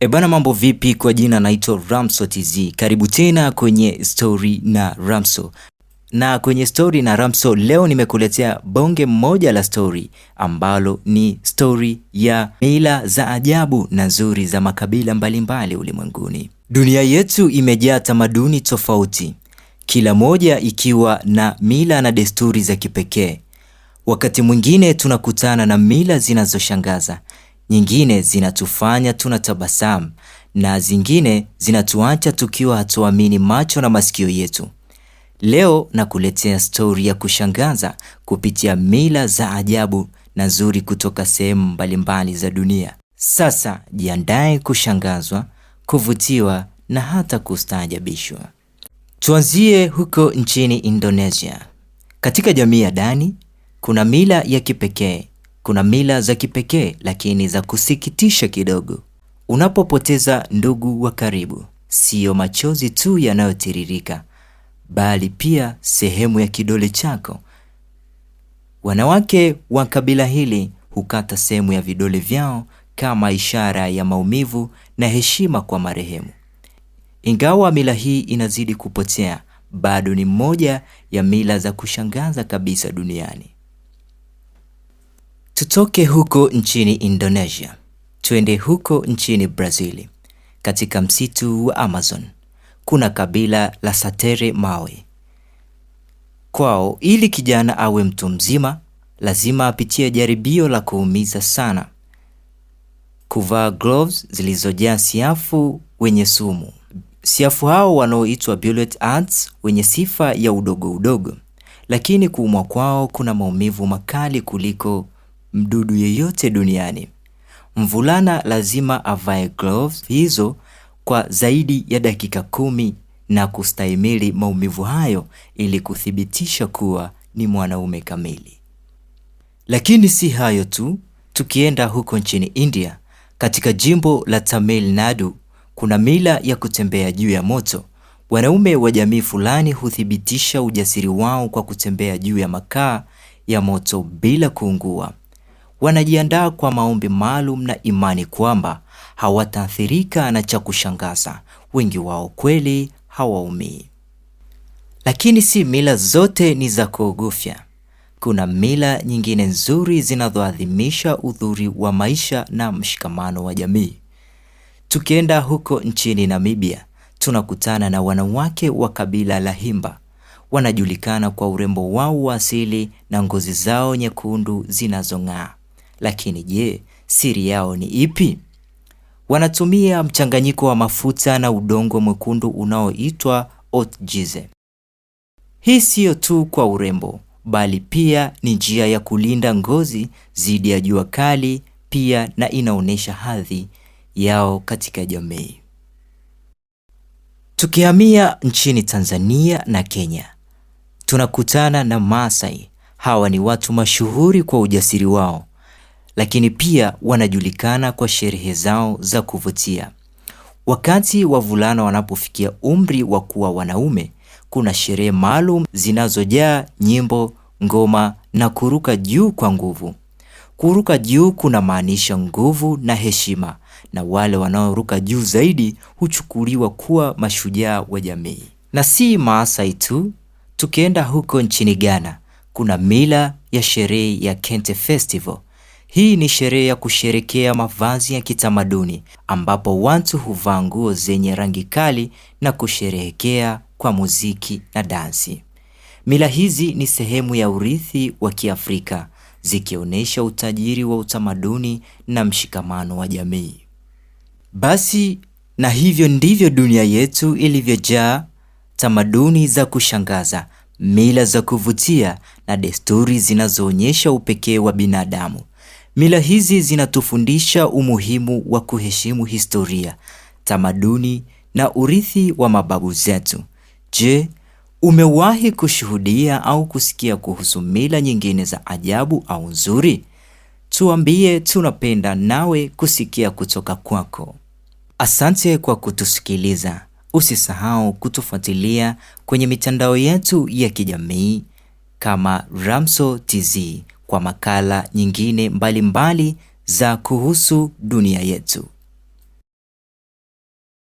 Ebana, mambo vipi? Kwa jina naitwa Ramso TZ, karibu tena kwenye Story na Ramso. Na kwenye Story na Ramso leo nimekuletea bonge moja la story ambalo ni story ya mila za ajabu na nzuri za makabila mbalimbali ulimwenguni. Dunia yetu imejaa tamaduni tofauti, kila moja ikiwa na mila na desturi za kipekee. Wakati mwingine tunakutana na mila zinazoshangaza nyingine zinatufanya tabasamu na zingine zinatuacha tukiwa hatuamini macho na masikio yetu. Leo nakuletea stori ya kushangaza kupitia mila za ajabu na nzuri kutoka sehemu mbalimbali za dunia. Sasa jiandae kushangazwa, kuvutiwa na hata kustaajabishwa. Tuanzie huko nchini Indonesia. Katika jamii ya Dani kuna mila ya kipekee kuna mila za kipekee lakini za kusikitisha kidogo. Unapopoteza ndugu wa karibu, siyo machozi tu yanayotiririka, bali pia sehemu ya kidole chako. Wanawake wa kabila hili hukata sehemu ya vidole vyao kama ishara ya maumivu na heshima kwa marehemu. Ingawa mila hii inazidi kupotea, bado ni moja ya mila za kushangaza kabisa duniani. Tutoke huko nchini Indonesia, twende huko nchini Brazili. Katika msitu wa Amazon kuna kabila la Satere Mawe. Kwao, ili kijana awe mtu mzima, lazima apitie jaribio la kuumiza sana: kuvaa gloves zilizojaa siafu wenye sumu. Siafu hao wanaoitwa bullet ants wenye sifa ya udogo udogo, lakini kuumwa kwao kuna maumivu makali kuliko mdudu yeyote duniani. Mvulana lazima avae gloves hizo kwa zaidi ya dakika kumi na kustahimili maumivu hayo ili kuthibitisha kuwa ni mwanaume kamili. Lakini si hayo tu, tukienda huko nchini India, katika jimbo la Tamil Nadu kuna mila ya kutembea juu ya moto. Wanaume wa jamii fulani huthibitisha ujasiri wao kwa kutembea juu ya makaa ya moto bila kuungua wanajiandaa kwa maombi maalum na imani kwamba hawataathirika na cha kushangaza, wengi wao kweli hawaumii. Lakini si mila zote ni za kuogofya. Kuna mila nyingine nzuri zinazoadhimisha udhuri wa maisha na mshikamano wa jamii. Tukienda huko nchini Namibia, tunakutana na wanawake wa kabila la Himba. Wanajulikana kwa urembo wao wa asili na ngozi zao nyekundu zinazong'aa. Lakini je, siri yao ni ipi? Wanatumia mchanganyiko wa mafuta na udongo mwekundu unaoitwa otjize. Hii siyo tu kwa urembo, bali pia ni njia ya kulinda ngozi dhidi ya jua kali pia na inaonyesha hadhi yao katika jamii. Tukihamia nchini Tanzania na Kenya, tunakutana na Maasai. Hawa ni watu mashuhuri kwa ujasiri wao lakini pia wanajulikana kwa sherehe zao za kuvutia. Wakati wavulana wanapofikia umri wa kuwa wanaume, kuna sherehe maalum zinazojaa nyimbo, ngoma na kuruka juu kwa nguvu. Kuruka juu kunamaanisha nguvu na heshima, na wale wanaoruka juu zaidi huchukuliwa kuwa mashujaa wa jamii. Na si Maasai tu, tukienda huko nchini Ghana kuna mila ya sherehe ya Kente Festival hii ni sherehe ya kusherekea mavazi ya kitamaduni ambapo watu huvaa nguo zenye rangi kali na kusherehekea kwa muziki na dansi. Mila hizi ni sehemu ya urithi wa Kiafrika zikionyesha utajiri wa utamaduni na mshikamano wa jamii. Basi na hivyo ndivyo dunia yetu ilivyojaa tamaduni za kushangaza, mila za kuvutia na desturi zinazoonyesha upekee wa binadamu. Mila hizi zinatufundisha umuhimu wa kuheshimu historia, tamaduni na urithi wa mababu zetu. Je, umewahi kushuhudia au kusikia kuhusu mila nyingine za ajabu au nzuri? Tuambie, tunapenda nawe kusikia kutoka kwako. Asante kwa kutusikiliza. Usisahau kutufuatilia kwenye mitandao yetu ya kijamii kama Ramso TZ kwa makala nyingine mbalimbali mbali za kuhusu dunia yetu.